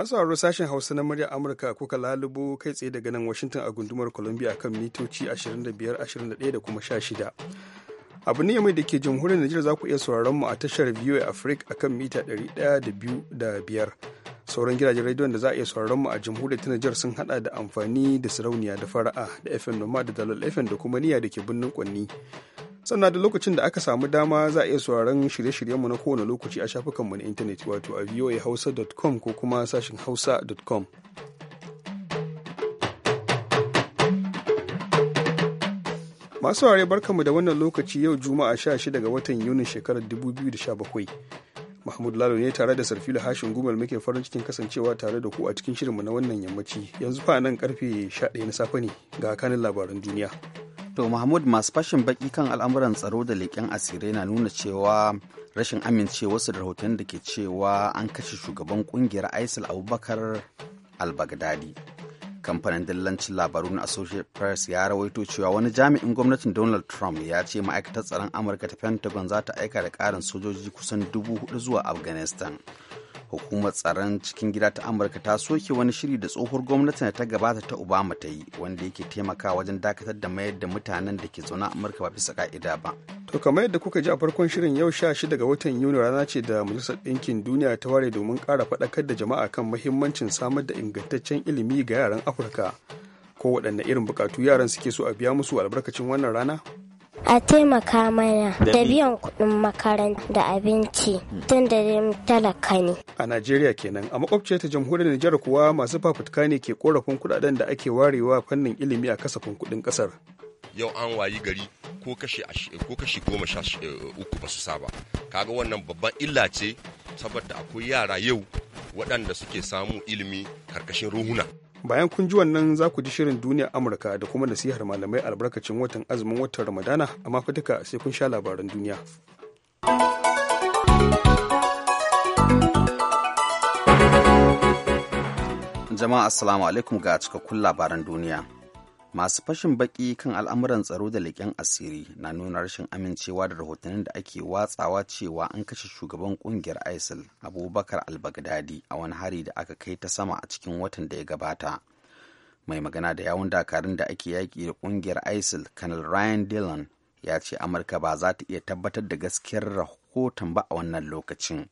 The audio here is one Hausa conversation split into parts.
masu sauraro sashen hausa na murya amurka kuka lalubo kai tsaye daga nan washington a gundumar columbia kan mitoci 25 21 da kuma 16 abu ne mai da ke jamhuriyar Najeriya za ku iya sauraron mu a tashar VOA Africa akan mita 100.5 sauran gidajen rediyon da za a iya sauraron mu a jamhuriyar ta Najeriya sun hada da amfani da sarauniya da fara'a da FM Noma da Dalal FM da kuma niyya da ke birnin Kwanni sannan da lokacin da aka samu dama za a iya sauraron shirye-shiryenmu na kowane lokaci a shafukanmu na intanet wato a voahausa.com ko kuma sashin hausa.com Masu ware barkamu da wannan lokaci yau Juma'a 16 ga watan Yunin shekarar 2017. Mahmud Lalo ne tare da Sarfila Hashin Gumal muke farin cikin kasancewa tare da ku a cikin shirinmu na wannan yammaci. Yanzu fa nan karfe 11 na safe ne ga kanin labaran duniya. To Mahmud masu fashin baki kan al'amuran tsaro da leƙen asirai na nuna cewa rashin amincewarsu da rahoton da ke cewa an kashe shugaban kungiyar ISIL Abubakar al-Baghdadi. kamfanin dillancin labaru na associated press ya rawaito cewa wani jami'in gwamnatin donald trump ya ce ma'aikatar tsaron amurka ta pentagon za ta aika da karin sojoji kusan dubu hudu zuwa afghanistan hukumar tsaron cikin gida ta amurka ta soke wani shiri da tsohuwar gwamnatin da ta gabata ta obama ta yi wanda yake taimakawa wajen dakatar da mayar da mutanen da ke zaune amurka ba bisa ka'ida ba to kamar yadda kuka ji a farkon shirin yau sha shida ga watan yuni rana ce da majalisar ɗinkin duniya ta ware domin ƙara faɗakar da jama'a kan mahimmancin samar da ingantaccen ilimi ga yaran afirka ko waɗanne irin buƙatu yaran suke so a biya musu albarkacin wannan rana a taimaka mana da biyan kuɗin makaranta da abinci tun da talaka ne. A Najeriya kenan, a makwabciya ta jamhuriyar Nijar kuwa masu fafutuka ne ke korafin kuɗaɗen da ake warewa fannin ilimi a kasafin kuɗin ƙasar. Yau an wayi gari ko kashi goma sha eh, uku ba su saba. Kaga wannan babban illa ce saboda akwai yara yau waɗanda suke samu ilimi karkashin ruhuna. bayan kun ji wannan za ku ji shirin duniya amurka da kuma nasihar malamai albarkacin watan azumin watan ramadana amma fa duka sai kun sha labaran duniya jama'a assalamu alaikum ga cikakkun labaran duniya masu fashin baki kan al'amuran tsaro da leƙen asiri na nuna rashin amincewa da rahotannin da ake watsawa cewa an kashe shugaban ƙungiyar isil abubakar al-baghdadi a wani hari da aka kai ta sama a cikin watan da ya gabata mai magana da yawun dakarun da ake yaƙi da ƙungiyar isil kanal ryan dillon ya ce amurka ba za ta iya tabbatar da gaskiyar rahoton ba a wannan lokacin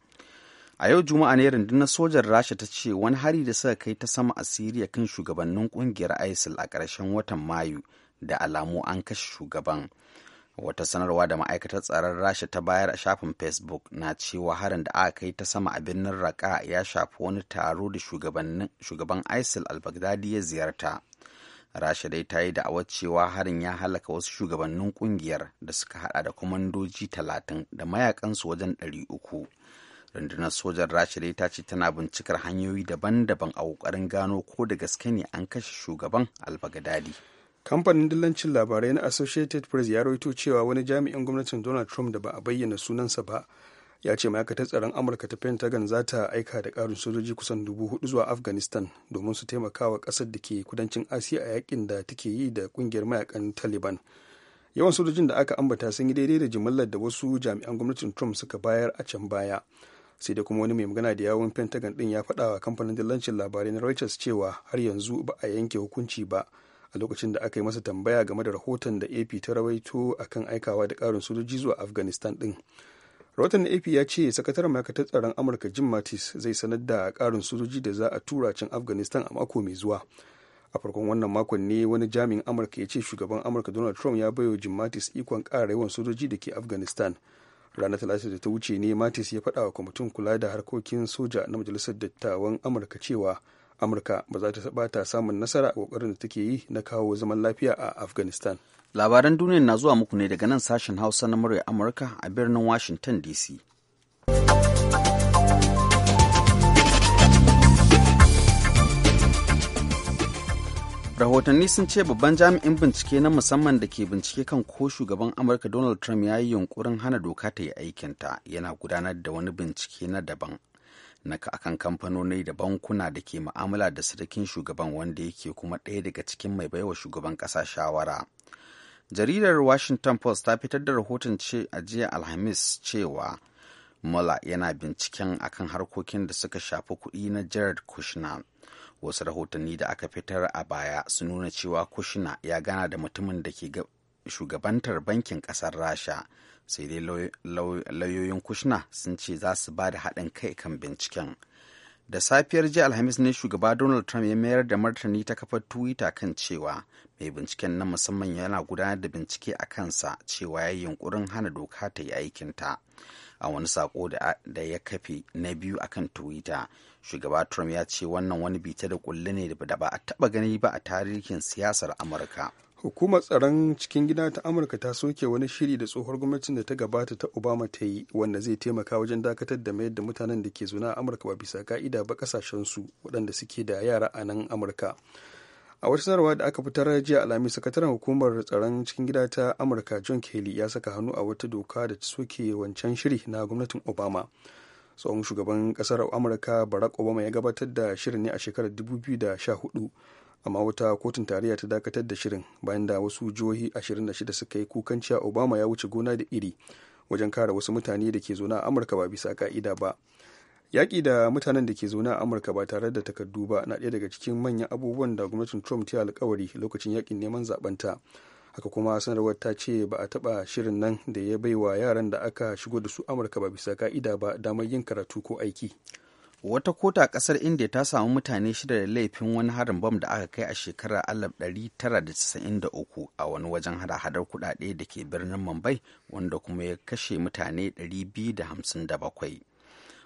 a yau juma'a ne rundunar sojan rasha ta ce wani hari da suka kai ta sama a siriya kan shugabannin kungiyar isil a ƙarshen watan mayu da alamu an kashe shugaban wata sanarwa da ma'aikatar tsaron rasha ta bayar a shafin facebook na cewa harin da aka kai ta sama a birnin raka ya shafi wani taro da shugaban isil al-baghdadi ya ziyarta rasha dai ta yi da'awar cewa harin ya halaka wasu shugabannin kungiyar da suka hada da kwamandoji talatin da mayakansu wajen ɗari uku rundunar sojan rasha ta ce tana bincikar hanyoyi daban-daban a kokarin gano ko da gaske ne an kashe shugaban albagadadi kamfanin dillancin labarai na associated press ya rawaito cewa wani jami'in gwamnatin donald trump da ba a bayyana sunansa ba ya ce ma'aikatar tsaron amurka ta pentagon za ta aika da karin sojoji kusan dubu hudu zuwa afghanistan domin su taimaka wa kasar da ke kudancin asiya a yakin da take yi da kungiyar mayakan taliban yawan sojojin da aka ambata sun yi daidai da jimillar da wasu jami'an gwamnatin trump suka bayar a can baya sai da kuma wani mai magana da yawun pentagon din ya faɗa wa kamfanin dillancin labarai na reuters cewa har yanzu ba a yanke hukunci ba a lokacin da aka yi masa tambaya game da rahoton da ap ta rawaito akan aikawa da ƙarin sojoji zuwa afghanistan din rahoton ap ya ce sakataren ma'aikatar tsaron amurka jim mattis zai sanar da ƙarin sojoji da za a tura can afghanistan a mako mai zuwa a farkon wannan makon ne wani jami'in amurka ya ce shugaban amurka donald trump ya baiwa jim mattis ikon ƙara yawan sojoji da ke afghanistan ranar talata da ta wuce ne matis ya faɗa wa kwamitin kula da harkokin soja na majalisar dattawan amurka cewa amurka ba za ta taɓa ta samun nasara a ƙoƙarin da take yi na kawo zaman lafiya a afghanistan labaran duniya na zuwa muku ne daga nan sashen hausa na murya amurka a birnin washington dc rahotanni sun ce babban jami'in bincike na musamman da ke bincike kan ko shugaban amurka donald trump ya yi yunkurin hana doka ta yi aikinta yana gudanar da wani bincike na daban na akan kamfanoni da bankuna da ke ma'amala da sarkin shugaban wanda yake kuma ɗaya daga cikin mai baiwa shugaban ƙasa shawara jaridar washington post ta fitar da rahoton ce a jiya alhamis cewa Mueller yana binciken akan harkokin da suka shafi kuɗi na jared kushner wasu rahotanni da aka fitar a baya su nuna cewa kushina ya gana da mutumin da ke shugabantar bankin kasar rasha sai dai lauyoyin kushina sun ce za su ba da haɗin kai kan binciken da safiyar ji alhamis ne shugaba donald trump ya mayar da martani ta kafar twitter kan cewa mai binciken na musamman yana gudanar da bincike a kansa cewa ya yi yunkurin hana doka ta yi aikinta a wani sako da ya kafe na biyu akan twitter shugaba trump ya ce wannan wani bita da kulle ne da ba a taba gani ba a tarihin siyasar amurka hukumar tsaron cikin gida ta amurka ta soke wani shiri da tsohuwar gwamnatin da ta gabata ta obama ta yi wanda zai taimaka wajen dakatar da mayar da mutanen da ke zuna a amurka ba bisa ka'ida ba kasashen su waɗanda suke da yara a nan amurka a wata sanarwa da aka fitar jiya alhamis sakataren hukumar tsaron cikin gida ta amurka john kelly ya saka hannu a wata doka da ta soke wancan shiri na gwamnatin obama tsohon shugaban kasar amurka barack obama ya gabatar da shirin ne a shekarar 2014 amma wata kotun tarayya ta dakatar da shirin bayan da wasu jihohi 26 suka yi kukan cewa obama ya wuce gona da iri wajen kare wasu mutane da ke zaune a amurka ba bisa ka'ida ba yaƙi da mutanen da ke zaune a amurka ba tare da takardu ba na ɗaya daga cikin manyan abubuwan da gwamnatin trump ta yi alkawari lokacin yaƙin neman zaɓenta haka kuma sanarwar ta ce ba a taba shirin nan da ya bai wa yaran da aka shigo da su amurka ba bisa ka'ida ba damar yin karatu ko aiki wata kota a kasar india ta samu mutane shida da laifin wani harin bam da aka kai a shekarar 1993 a wani wajen hada-hadar kudade da ke birnin mumbai wanda kuma ya kashe mutane 257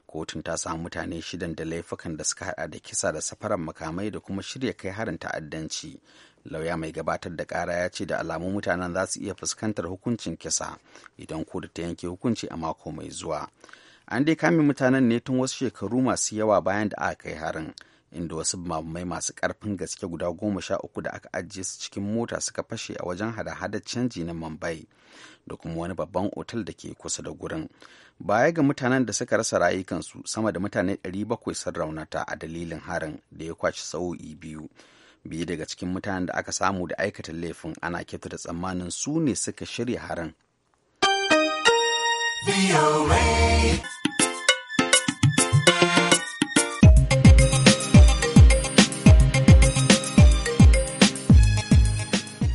kotun ta samu mutane shidan da laifukan da suka hada da kisa da safarar makamai da kuma shirya kai harin ta'addanci lauya mai gabatar da kara ya ce da alamun mutanen za su iya fuskantar hukuncin kisa idan kotu ta yanke hukunci a mako mai zuwa an dai kame mutanen ne tun wasu shekaru masu yawa bayan da aka kai harin inda wasu mamai masu karfin gaske guda goma sha uku da aka ajiye su cikin mota suka fashe a wajen hada-hada canji na mumbai da kuma wani babban otal da ke kusa da gurin baya ga mutanen da suka rasa rayukansu sama da mutane 700 sun raunata a dalilin harin da ya kwaci sa'o'i biyu biyu daga cikin mutanen da aka samu da aikata laifin ana da tsammanin su ne suka shirya harin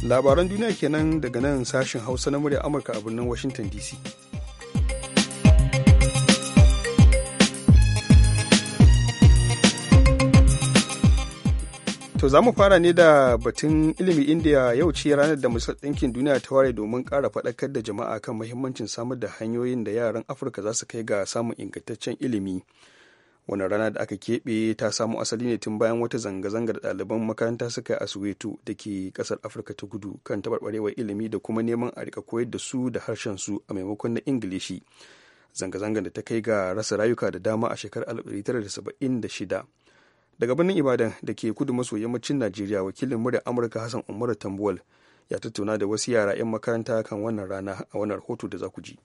labaran duniya kenan daga nan sashen hausa na murya amurka a birnin washington dc To za mu fara ne da batun ilimi indiya yau ce ranar da Majalisar Ɗinkin Duniya ta ware domin ƙara faɗakar da jama'a kan mahimmancin samar da hanyoyin da yaran Afirka za su kai ga samun ingantaccen ilimi. wani rana da aka keɓe ta samo asali ne tun bayan wata zanga-zanga da ɗaliban makaranta suka yi a Soweto da ke ƙasar Afirka ta Gudu kan tabarbarewar ilimi da kuma neman a riƙa koyar da su da harshen su a maimakon na Ingilishi. Zanga-zangar da ta kai ga rasa rayuka da dama a shekarar 1976. daga birnin ibadan da ke kudu maso yammacin najeriya wakilin murya amurka hassan umaru tambuwal ya tattauna da wasu yara 'yan makaranta kan wannan rana a wannan rahoto da za ku ji.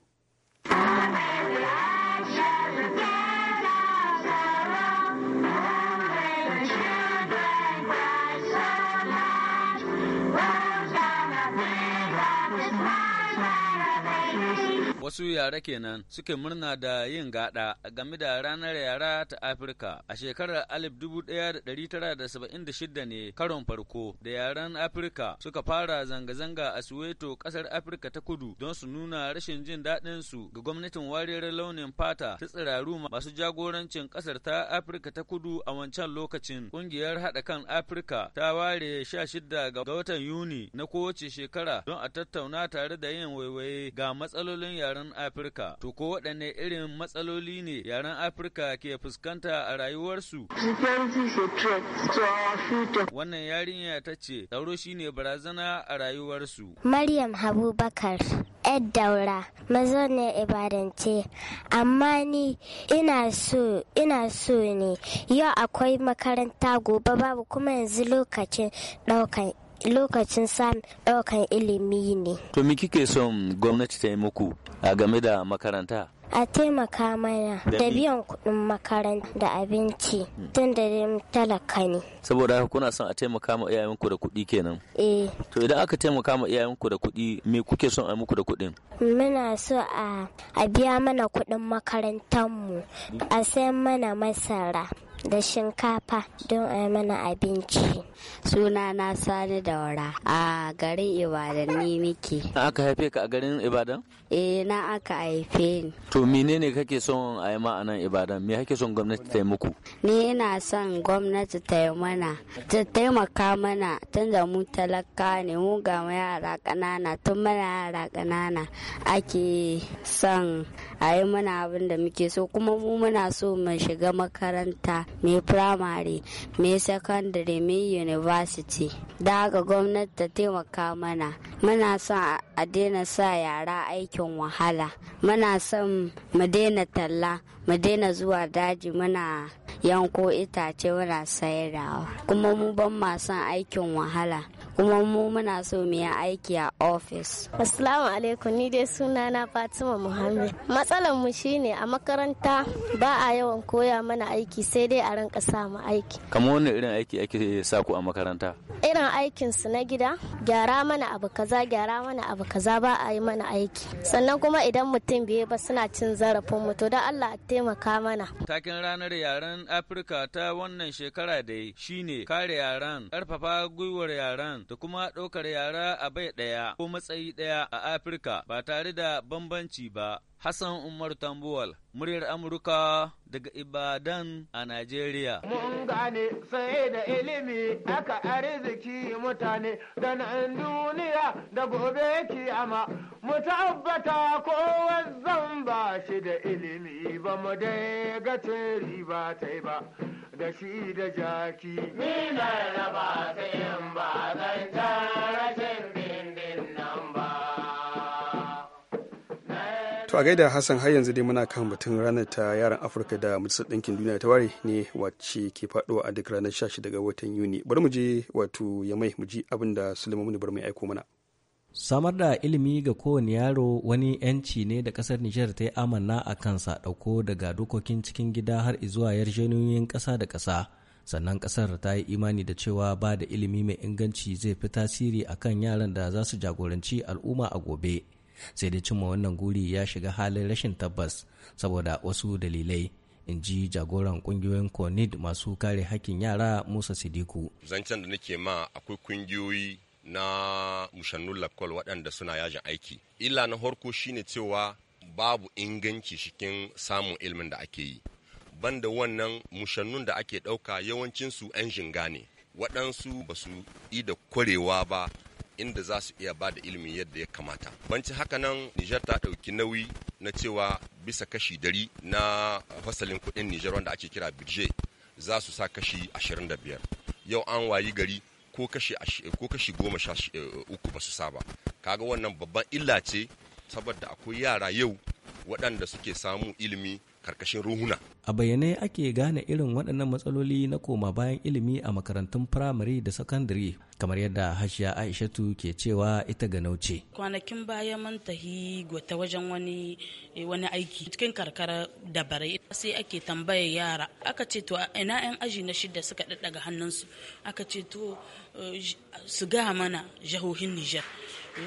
Wasu yare kenan suke murna da yin gada game da ranar yara ta Afirka. A shekarar 1976 ne karon farko da yaren Afirka suka fara zanga-zanga a suweto kasar Afirka ta kudu don su nuna rashin jin daɗin su ga gwamnatin wariyar launin fata ta tsiraru masu jagorancin kasar ta Afirka ta kudu a wancan lokacin. Ƙungiyar haɗa kan Afirka ta ware 16 ga watan Yuni na kowace shekara don a tattauna tare da yin waiwaye ga matsalolin yara yaren Afirka. To ko waɗanne irin matsaloli ne yaren Afirka ke fuskanta a rayuwarsu? Wannan yarinya ta ce tsaro shine barazana a rayuwarsu. Maryam Habubakar. Ed daura mazauniyar ibadan ce amma ni ina so ina so ne yau akwai makaranta gobe babu kuma yanzu lokacin ɗaukan lokacin samun ɗaukan ilimi ne. To me kike son gwamnati ta yi muku a game da makaranta? a taimaka mana da biyan kuɗin makaranta da abinci hmm. tun da talaka ne. Saboda haka kuna son a taimaka ma iyayenku da kuɗi kenan? Eh. To idan aka taimaka ma iyayenku da kuɗi me kuke son a muku da kuɗin? Muna so a biya mana kuɗin makarantarmu a sayan mana masara. da shinkafa don a mana abinci. Suna na Sani da wara. a garin Ibadan ne muke. Aka haife ka a garin Ibadan? eh na aka haife ni to menene kake son a yi ma'anan ibadan me kake son gwamnati ta yi muku ni ina son gwamnati ta yi mana ta taimaka mana tun da mu talaka ne mu ga yara ƙanana tun mana yara ƙanana ake son a yi mana abin da muke so kuma mu muna so mu shiga makaranta mai firamare mai sakandare mai university da haka gwamnati ta taimaka mana muna son a daina sa yara aiki. cikin wahala muna son mu daina talla mu daina zuwa daji muna yanko itace wura sayarwa kuma mu ban ma son aikin wahala kuma mu muna so mu yi aiki a ofis. Assalamu alaikum ni dai suna na Fatima Muhammad. Matsalar mu shine a makaranta ba a yawan koya mana aiki sai dai a rinka sa mu aiki. Kamar wani irin aiki ake sa ku a makaranta? Irin aikin su na gida gyara mana abu kaza gyara mana abu kaza ba a yi mana aiki. Sannan kuma idan mutum biye ba suna cin zarafin mu to da Allah a taimaka mana. Takin ranar yaren Afirka ta wannan shekara dai shine kare yaran, ƙarfafa gwiwar yaran da kuma ɗaukar yara a bai ɗaya ko matsayi ɗaya a Afirka ba tare da bambanci ba. Hassan Umar Tambuwal, muryar Amurka daga Ibadan a Najeriya. Mun gane sai da ilimi aka arziki mutane da nan duniya da gobe kiyama mu tabbata kowan zan ba shi da ilimi ba mu dai ga riba ta ba da shi da jaki. Ni na raba ta yin ba zan rashin to a gaida hassan har yanzu dai muna kan batun ranar ta yaran afirka da majalisar ɗinkin duniya ta ware ne wacce ke faɗo a duk ranar 16 ga watan yuni bari mu je wato ya mai mu ji abin da suleiman bar mai aiko mana samar da ilimi ga kowane yaro wani yanci ne da kasar nijar ta yi amanna a kansa ɗauko daga dokokin cikin gida har zuwa yarjejeniyoyin ƙasa da ƙasa sannan ƙasar ta yi imani da cewa ba da ilimi mai inganci zai fi tasiri akan yaran da za su jagoranci al'umma a gobe sai dai cimma wannan guri ya shiga halin rashin tabbas saboda wasu dalilai in ji jagoran kungiyoyin conid masu kare hakkin yara musa sidiku zancen da nake ma akwai kungiyoyi na mushannun lakol waɗanda suna yajin aiki illa na harko shine cewa babu inganci cikin samun ilmin da ake yi banda wannan mushannun da ake ɗauka yawancinsu 'yan shinga ne waɗansu ba su yi da kwarewa ba inda za su iya ba da ilimi yadda ya kamata banci haka nan nijar ta ɗauki nauyi na cewa bisa kashi dari na fasalin kuɗin nijar wanda ake kira birje za su sa kashi 25 yau an wayi gari ko kashi goma sha eh, uku ba su saba kaga wannan babban illa ce saboda akwai yara yau waɗanda suke samu ilimi karkashin ruhuna. A bayyane ake gane irin waɗannan matsaloli na koma bayan ilimi a makarantun firamare da sakandare kamar yadda hashiya Aishatu ke cewa ita ga nauce Kwanakin baya mun tahi gwata wajen wani eh, wani aiki cikin karkara da barai sai ake tambaya yara aka ce to ina yan aji na shida suka daddaga hannunsu aka ce to eh, su ga mana jahohin Nijar.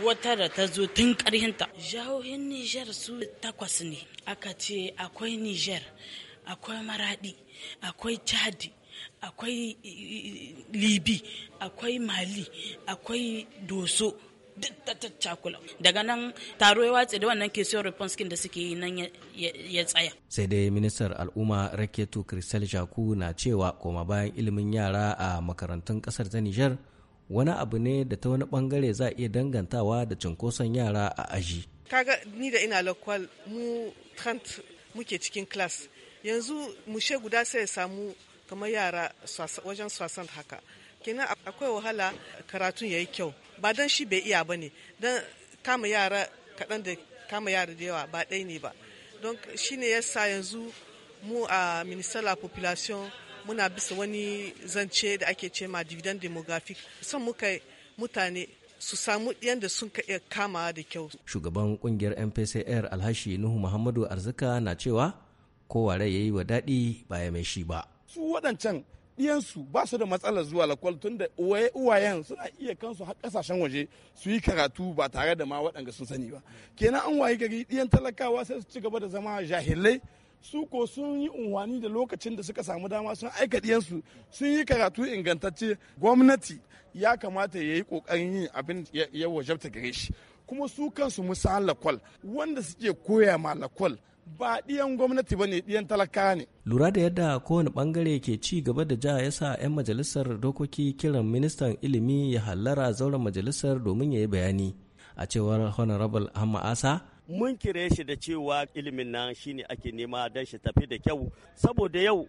wata da ta zo tun ƙarhinta jihohin Nijar su takwas ne aka ce akwai Nijar, akwai maradi akwai chadi akwai eh, libi akwai mali akwai doso duk cakula daga nan taro ya watse da wannan kesiyon reponskin da suke yi nan ya tsaya sai dai ministar al'umma raketu kristal jaku na cewa koma bayan ilimin yara a makarantun kasar ta nijar wani abu ne da ta wani bangare za a iya dangantawa da cunkoson yara a aji. kaga ni da ina lokwal mu trant muke cikin klas yanzu mushe guda sai ya samu kamar yara wajen swasan haka kenan akwai wahala karatun ya yi kyau ba don shi bai iya ba ne don kama yara kaɗan da kama yara da yawa ba ɗai ne ba don shi ne yasa yanzu mu a minister population muna bisa wani zance da ake ce ma dividend demographic son muka mutane su samu yadda sun ka iya kama da kyau. Shugaban kungiyar MPCR Alhashi Nuhu Muhammadu Arzika na cewa kowa ya yi wa daɗi ba ya mai shi ba. Su waɗancan ɗiyansu ba su da matsalar zuwa lakwal tun da uwayen suna iya kansu har ƙasashen waje su yi karatu ba tare da ma waɗanda sun sani ba. Kenan an waye gari ɗiyan talakawa sai su ci gaba da zama jahilai su ko sun yi unwani da lokacin da suka samu dama sun aika diyansu sun yi karatu ingantacce gwamnati ya kamata ya yi kokarin yin abin ya wajabta gare shi kuma su kansu musa lakwal wanda suke koya ma lakwal ba ɗiyan gwamnati ba ne ɗiyan talaka ne. Lura da yadda kowane bangare ke ci gaba da ja ya sa 'yan majalisar dokoki kiran ministan ilimi ya hallara zauren majalisar domin ya yi bayani. A cewar Honorable Hamma Asa, mun kire shi da cewa ilimin nan shine ake nema don shi tafi da kyau saboda yau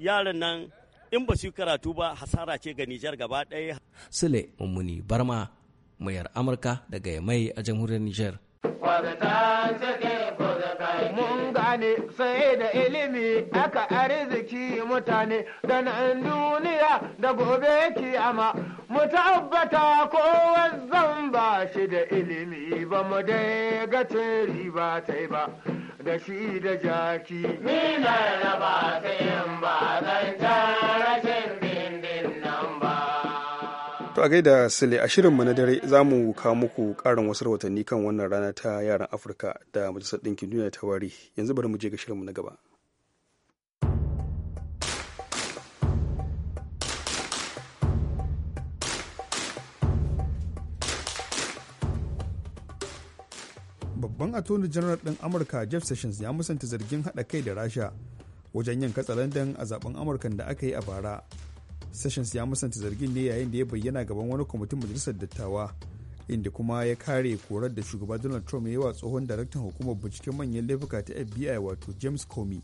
yaran nan in ba su karatu ba hasara ce ga Nijar gaba ɗaya. Sule Mummuni Barma, mayar Amurka daga mai a jamhuriyar Nijar. Mun gane sai da ilimi aka arziki mutane da nan duniya da gobe kiyama mu tabbata kowa zan ba shi da ilimi. ba mu dai ga teri ba ta yi ba da shi da jaki. Ni na raba ta yin ba zan rashin bindin nan ba. To a gaida Sule a shirinmu na dare za mu kawo muku ƙarin wasu rawatanni kan wannan rana ta yaran Afirka da Majalisar Ɗinkin Duniya ta wari yanzu bari mu je ga shirinmu na gaba. babban attorney general ɗin amurka jeff sessions ya musanta zargin haɗa kai da rasha wajen yin katsalandan a zaben amurkan da aka yi a bara sessions ya musanta zargin ne yayin da ya bayyana gaban wani kwamitin majalisar dattawa inda kuma ya kare korar da shugaba donald trump ya yi wa tsohon daraktan hukumar binciken manyan laifuka ta fbi wato james comey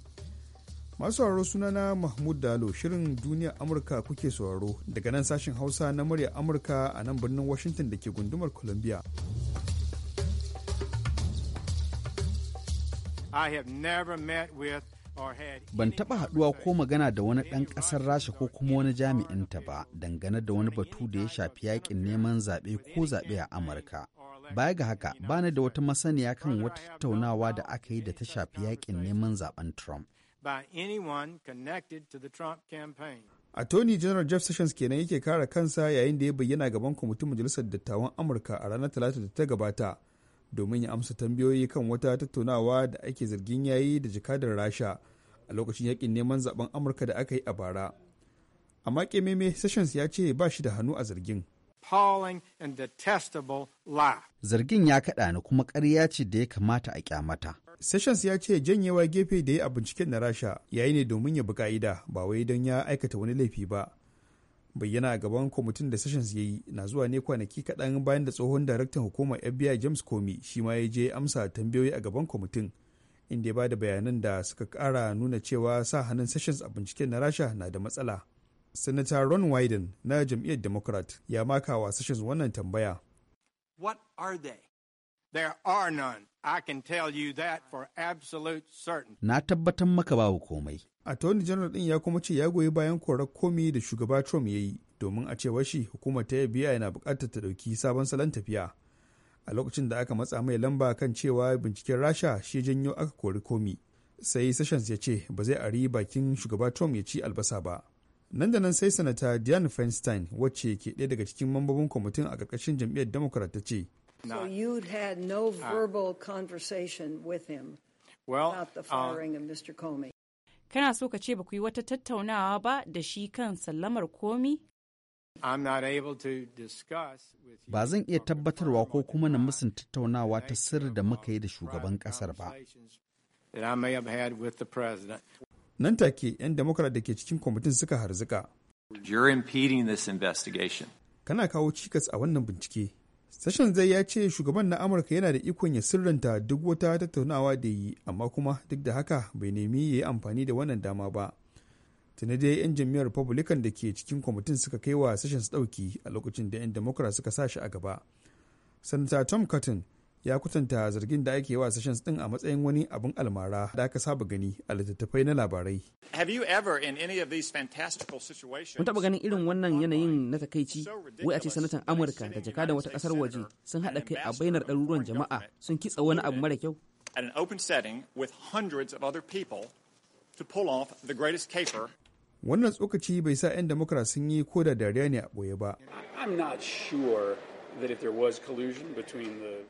masu sauraro sunana mahmud dalo shirin duniya amurka kuke sauraro daga nan sashen hausa na murya amurka a nan birnin washington da ke gundumar columbia Ban taɓa haɗuwa ko magana da wani ɗan ƙasar Rasha ko kuma wani jami'inta ba dangane da wani batu da ya shafi yaƙin neman zaɓe ko zaɓe a Amurka. Baya ga haka, bani da wata masaniya kan wata tattaunawa da aka yi da ta shafi yaƙin neman zaɓen Trump. a tony General Jeff Sessions kenan yake kare kansa yayin da ya bayyana gaban kwamitin Majalisar Dattawan Amurka a ranar Talata da ta gabata. domin ya amsa tambayoyi kan wata tattaunawa da ake zargin yayi da jakadar rasha a lokacin yakin neman zaben amurka da aka yi a bara amma kememe sessions ya ce ba shi da hannu a zargin zargin ya kaɗa ni kuma ƙarya ce da ya kamata a kyamata sessions ya ce janyewa gefe da ya a binciken na rasha yayi ne domin ya bi ka'ida ba wai don ya aikata wani laifi ba bayyana a gaban kwamitin da sessions ya yi na zuwa ne kwanaki kaɗan bayan da tsohon daraktan hukumar fbi james comey shi ma ya je amsa tambayoyi a gaban kwamitin inda ya bada bayanan da suka kara nuna cewa sa hannun sessions a binciken na rasha na da matsala senator ron wyden na jam'iyyar democrat ya maka wa sessions wannan tambaya what are they there are none I can tell you that for absolute certain. Na tabbatar maka babu komai. Attorney General ɗin ya kuma ce ya goyi bayan korar komi da shugaba Trump ya yi domin a cewar shi hukumar ta biya yana bukatar ta ɗauki sabon salon tafiya. A lokacin da aka matsa mai lamba kan cewa binciken Rasha shi janyo aka kori komi. Sai Sessions ya ce ba zai ari bakin shugaba Trump ya ci albasa ba. Nan da nan sai Sanata Dianne Feinstein wacce ke ɗaya daga cikin mambobin kwamitin a ƙarƙashin jam'iyyar Democrat ta ce Not, so you'd had no uh, verbal conversation with him well, about the firing of Mr. Comey. Kana so ka ce ba ku yi wata tattaunawa ba da shi kan sallamar komi? Ba zan iya tabbatarwa ko kuma na musun tattaunawa ta sirri da muka yi da shugaban kasar ba. Nan take 'yan Democrat da ke cikin kwamitin suka harzuka. Kana kawo cikas a wannan bincike. sashen zai ya ce shugaban na amurka yana da ikon ya sirranta duk wata tattaunawa da yi amma kuma duk da haka bai nemi ya yi amfani da wannan dama ba tuni dai 'yan jam'iyyar republican da ke cikin kwamitin suka kai wa sashen su ɗauki a lokacin da 'yan democrat suka sa shi a gaba sanata tom cotton ya kutanta zargin da ake wa sessions din a matsayin wani abin almara da aka saba gani a littattafai na labarai. Mun taba ganin irin wannan yanayin na takaici wai a ce sanatan Amurka da jaka da wata ƙasar waje sun haɗa kai a bainar ɗaruruwan jama'a sun kitsa wani abu mara kyau. an open with hundreds other people to the greatest caper Wannan tsokaci bai sa 'yan Democrats sun yi ko da dariya ne a boye ba. I'm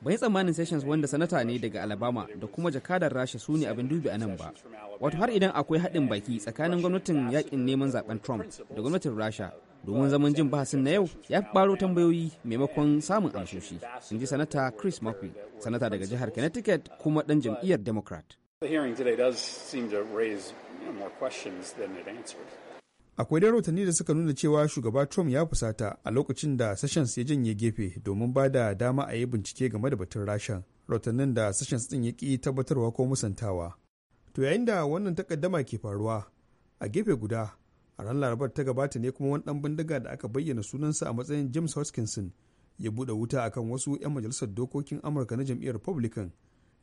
bai tsammanin sessions wanda sanata ne daga alabama da kuma jakadar rasha su ne abin dubi a nan ba wato har idan akwai haɗin baki tsakanin gwamnatin yakin neman zaben trump da gwamnatin rasha domin zaman jin bahasin na yau ya fi ɓaro tambayoyi maimakon samun amshoshi in ji sanata chris murphy sanata daga jihar connecticut kuma ɗan jam'iyyar democrat The hearing today does seem to raise more questions than it answers. akwai dai rahotanni da suka nuna cewa shugaba trump ya fusata a lokacin da sessions ya janye gefe domin ba da dama a yi bincike game da batun rashan rahotannin da sessions din ya ki tabbatarwa ko musantawa to yayin da wannan takaddama ke faruwa a gefe guda a ran larabar ta gabata ne kuma wani dan bindiga da aka bayyana sunansa a matsayin james hoskinson ya bude wuta akan wasu 'yan majalisar dokokin amurka na jam'iyyar republican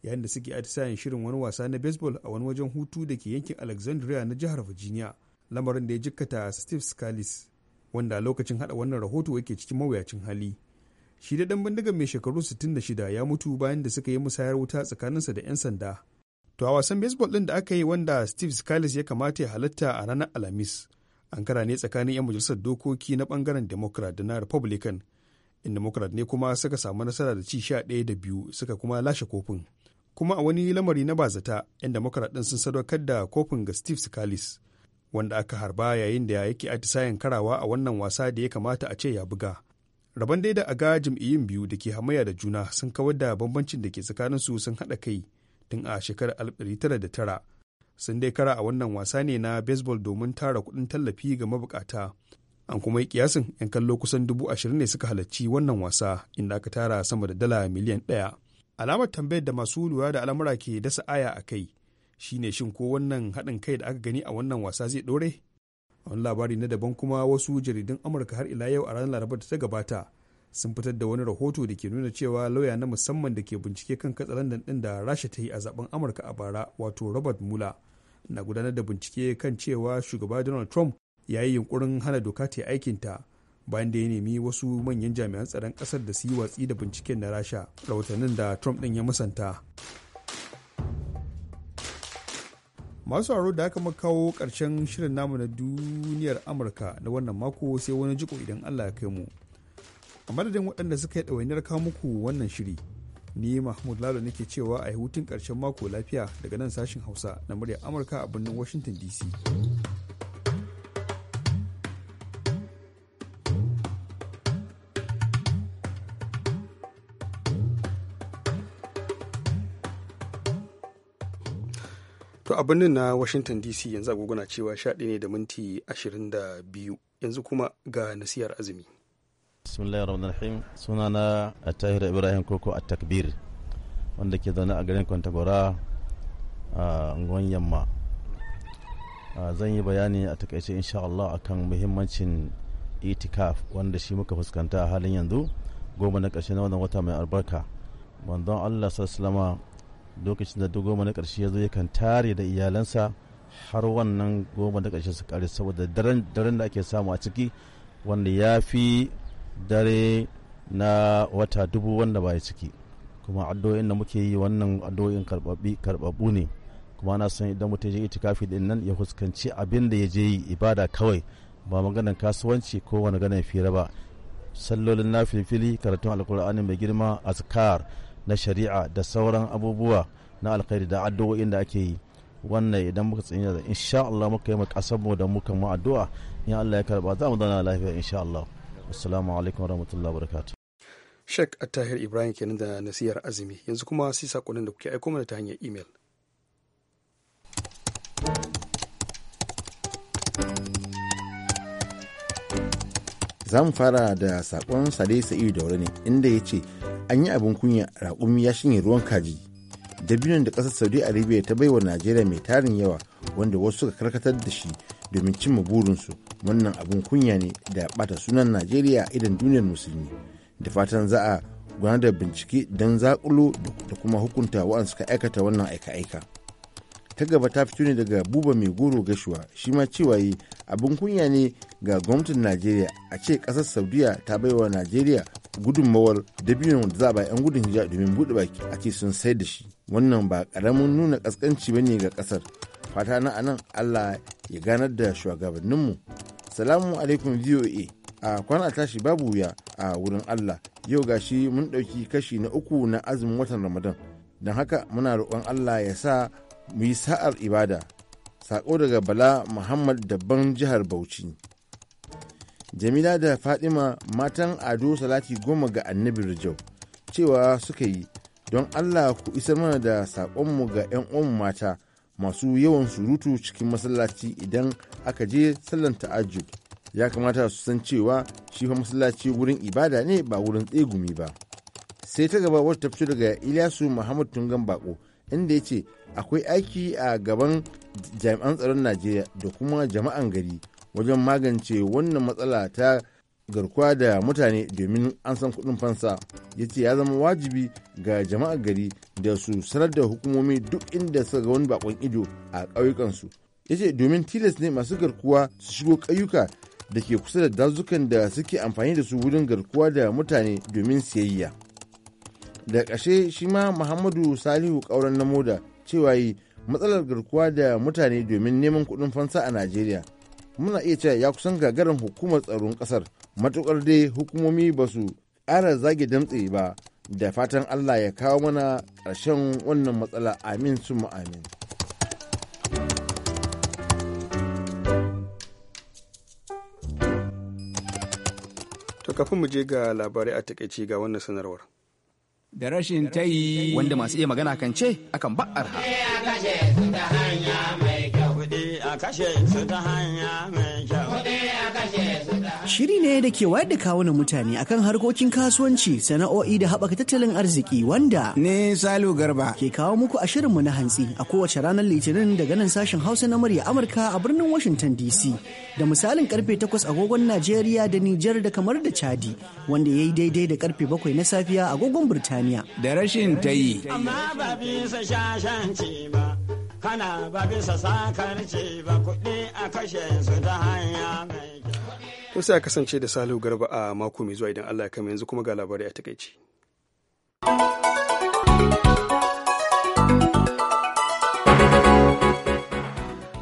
yayin da suke atisayen shirin wani wasa na baseball a wani wajen hutu da ke yankin alexandria na jihar virginia lamarin da ya jikkata steve scalise wanda a lokacin hada wannan rahoto yake cikin mawuyacin hali shi da dan bindigar mai shekaru 66 ya mutu bayan da suka yi musayar wuta tsakaninsa da 'yan sanda to a wasan baseball din da aka yi wanda steve scalise ya kamata ya halatta a ranar alhamis an kara ne tsakanin 'yan majalisar dokoki na bangaren democrat da na republican in democrat ne kuma suka samu nasara da ci sha ɗaya da biyu suka kuma lashe kofin kuma a wani lamari na bazata 'yan democrat din sun sadaukar da kofin ga steve scalise wanda aka harba yayin da yake atisayen karawa a wannan wasa da ya kamata a ce ya buga rabon dai da aga jam'iyyun biyu da ke hamayya da juna sun kawar da bambancin da ke tsakanin su sun haɗa kai tun a shekarar tara sun dai kara a wannan wasa ne na baseball domin tara kuɗin tallafi ga mabukata an kuma yi kiyasin 'yan kallo kusan dubu ashirin ne suka halarci wannan wasa inda aka tara sama da dala miliyan ɗaya alamar tambayar da masu lura da al'amura ke dasa aya a kai shine shin ko wannan haɗin kai da aka gani a wannan wasa zai ɗore a wani labari na daban kuma wasu jaridun amurka har ila yau a ranar laraba da ta gabata sun fitar da wani rahoto da ke nuna cewa lauya na musamman da ke bincike kan katsalandan ɗin da rasha ta yi a zaben amurka a bara wato robert mula na gudanar da bincike kan cewa shugaba donald trump ya yi yunkurin hana doka ta aikinta bayan da ya nemi wasu manyan jami'an tsaron ƙasar da su yi watsi da binciken na rasha rahotannin da trump ɗin ya musanta masu aro da aka makawo karshen shirin namu na duniyar amurka na wannan mako sai wani jiko idan allah ya kai mu a madadin waɗanda suka yi ɗawainiyar kawo muku wannan shiri ni mahmud lalo nake cewa a yi hutun ƙarshen mako lafiya daga nan sashin hausa na muryar amurka a birnin washington dc To a birnin na Washington DC yanzu agogona cewa sha ne da minti ashirin da biyu yanzu kuma ga nasiyar azumi. Bismillahir Rahmanir Rahim sunana tahir Ibrahim Koko a takbir wanda ke zaune a garin Kwantagora a unguwan Yamma. Zan yi bayani a takaice insha Allah akan muhimmancin itikaf wanda shi muka fuskanta a halin yanzu goma na ƙarshe na wannan wata mai albarka. Manzon Allah sallallahu lokacin da duk goma na ƙarshe ya zo yakan tare da iyalansa har wannan goma na ƙarshe su kare saboda daren da ake samu a ciki wanda ya fi dare na wata dubu wanda ba ya ciki kuma addu'o'in da muke yi wannan addu'o'in karɓaɓɓu ne kuma na san idan mutum ya je itikafi din nan ya fuskanci abin da ya je yi ibada kawai ba maganar kasuwanci ko wani ganin fira ba sallolin na filfili karatun alkur'ani mai girma azkar na shari'a da sauran abubuwa na alkhairi da addu'o'in da ake yi wannan idan muka tsanya da insha Allah muka yi mu kasar da muka mu addu'a in Allah ya karba za mu zauna lafiya insha Allah assalamu alaikum warahmatullahi wabarakatuh Sheikh Attahir Ibrahim kenan da nasiyar azumi yanzu kuma sai sakonin da kuke aika mana ta hanyar email zan fara da sakon Sale Sa'idu Daure ne inda ya ce an yi abin kunya raƙumi ya shinye ruwan kaji dabinon da ƙasar saudi arabia ta baiwa najeriya mai tarin yawa wanda wasu suka karkatar da shi domin cimma burinsu wannan abin kunya ne da ɓata sunan najeriya idan duniyar musulmi da fatan za a gudanar da bincike don zaƙulo da kuma hukunta waɗanda suka aikata wannan aika-aika. ta gaba ta fito ne daga buba mai goro gashuwa shi ma cewa yi abin kunya ne ga gwamnatin najeriya a ce kasar saudiya ta bai wa najeriya gudunmawar dabino da za a ba 'yan gudun hijira domin buɗe baki a ce sun sayar da shi wannan ba karamin nuna ƙasƙanci ba ne ga ƙasar fata na anan allah ya ganar da shugabanninmu salamu alaikum voa a kwana tashi babu wuya a wurin allah yau gashi mun ɗauki kashi na uku na azumin watan ramadan don haka muna roƙon allah ya sa mu yi sa'ar ibada saƙo daga bala muhammad dabban jihar bauchi jamila da fadima matan ado salati goma ga annabi rijau cewa suka yi don allah ku isar mana da saƙonmu ga 'yan uwanmu mata masu yawan surutu cikin masallaci idan aka je sallan ta'ajjud ya kamata su san cewa shi fa masallaci wurin ibada ne ba wurin tsegumi ba sai ta gaba wata ta fito daga ilyasu muhammad tungan bako inda ya ce akwai aiki a gaban jami'an tsaron najeriya da kuma jama'an gari wajen magance wannan matsala ta garkuwa da mutane domin an san kudin fansa ya ce ya zama wajibi ga jama'an gari da su sanar da hukumomi duk inda suka ga wani bakon ido a ƙauyukansu ya ce domin tilas ne masu garkuwa su shigo ƙauyuka da ke kusa da dazukan da suke amfani da su wurin garkuwa da mutane domin siyayya da ƙashe shi ma muhammadu salihu ƙauren na moda cewa yi matsalar garkuwa da mutane domin neman kuɗin fansa a najeriya muna iya cewa ya kusan gagarin hukumar tsaron ƙasar matuƙar dai hukumomi ba su ƙara zage damtse ba da fatan allah ya kawo mana ƙarshen wannan matsala amin mu amin to kafin mu je ga labarai a takaici ga wannan sanarwar da rashin ta yi wanda masu iya magana kan ce akan ba'ar ha. kashe su ta hanya mai kyau. kashe su ta. Shiri ne da ke wayar da kawunan mutane akan harkokin kasuwanci, sana'o'i da haɓaka tattalin arziki wanda ne Salu Garba ke kawo muku a shirinmu na hantsi a kowace ranar Litinin daga nan sashen Hausa na murya Amurka a birnin Washington DC da misalin karfe 8 agogon Najeriya da Nijar da kamar da Chadi wanda ya yi daidai da karfe bakwai na safiya agogon Birtaniya. Da rashin ta yi. Amma ba bisa shashanci ba. kana ba bisa sakarci ba kuɗi a kashe su ta hanya mai kyau. sai a kasance da Salihu Garba a mako mai zuwa idan Allah ya kama yanzu kuma ga labarai a takaici.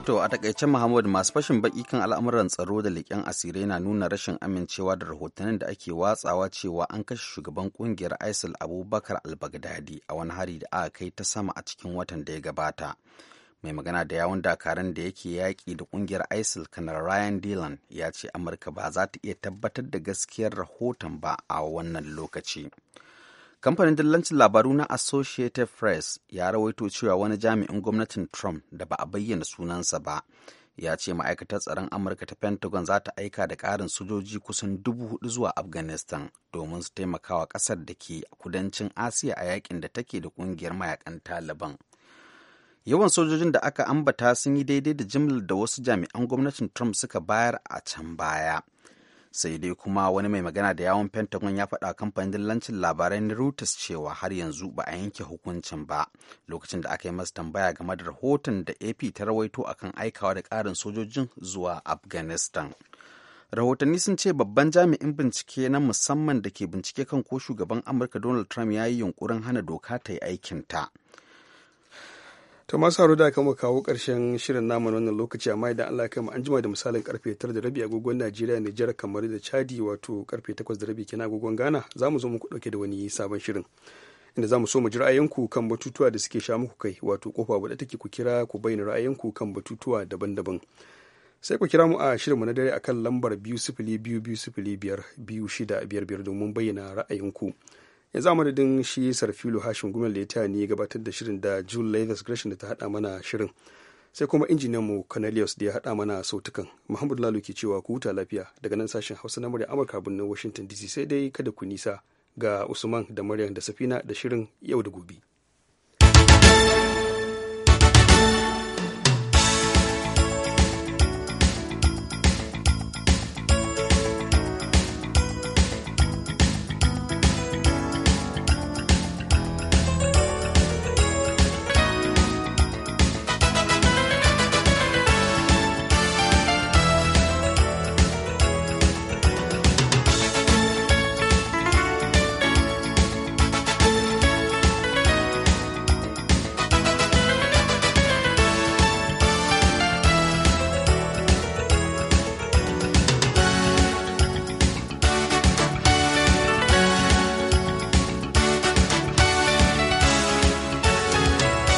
To a takaice Muhammad masu fashin baki kan al'amuran tsaro da leƙen asirai na nuna rashin amincewa da rahotannin da ake watsawa cewa an kashe shugaban kungiyar ISIL Abubakar al-Baghdadi a wani hari da aka kai ta sama a cikin watan da ya gabata. Mai magana da yawun dakaran da yake yaƙi da kungiyar ISIL kanar Ryan Dillon ya ce Amurka ba za ta iya tabbatar da gaskiyar rahoton ba a wannan lokaci. Kamfanin dillancin labaru na Associated Press ya rawaito cewa wani jami'in gwamnatin Trump da ba a bayyana sunansa ba ya ce ma'aikatar tsaron Amurka ta Pentagon za ta aika da ƙarin sojoji kusan dubu hudu zuwa Afghanistan domin su taimakawa ƙasar da ke kudancin Asiya a yakin da take da ƙungiyar mayakan Taliban. Yawan sojojin da aka ambata sun yi daidai da jimlar da wasu jami'an gwamnatin Trump suka bayar a can baya. sai dai kuma wani mai magana da yawon pentagon ya faɗa kamfanin dillancin labarai na reuters cewa har yanzu ba a yanke hukuncin ba lokacin da aka yi masa tambaya game da rahoton da ap ta rawaito akan aikawa da ƙarin sojojin zuwa afghanistan rahotanni sun ce babban jami'in bincike na musamman da ke bincike kan ko shugaban amurka donald trump ya yi yunkurin hana doka ta yi aikinta ta masu haro da aka kawo ƙarshen shirin naman wannan lokaci amma idan Allah ya kama an jima da misalin karfe 9 da rabi agogon Najeriya Nijar kamar da Chadi wato karfe 8 da rabi kenan agogon Ghana za mu zo muku dauke da wani sabon shirin inda za mu so mu ji ra'ayinku kan batutuwa da suke sha muku kai wato kofa wadda take ku kira ku bayyana ra'ayinku kan batutuwa daban-daban sai ku kira mu a shirinmu na dare akan lambar biyu sifili domin bayyana ra'ayinku. ku yanzu a madadin shi sarfilo hashin gumel da ya taya ni gabatar da shirin da june lathers gresham da ta haɗa mana shirin sai kuma injiniyan mu cornelius da ya haɗa mana sautukan muhammadu lalu ke cewa ku huta lafiya daga nan sashen hausa na murya amurka birnin washington dc sai dai kada ku nisa ga usman da maryam da safina da shirin yau da gobe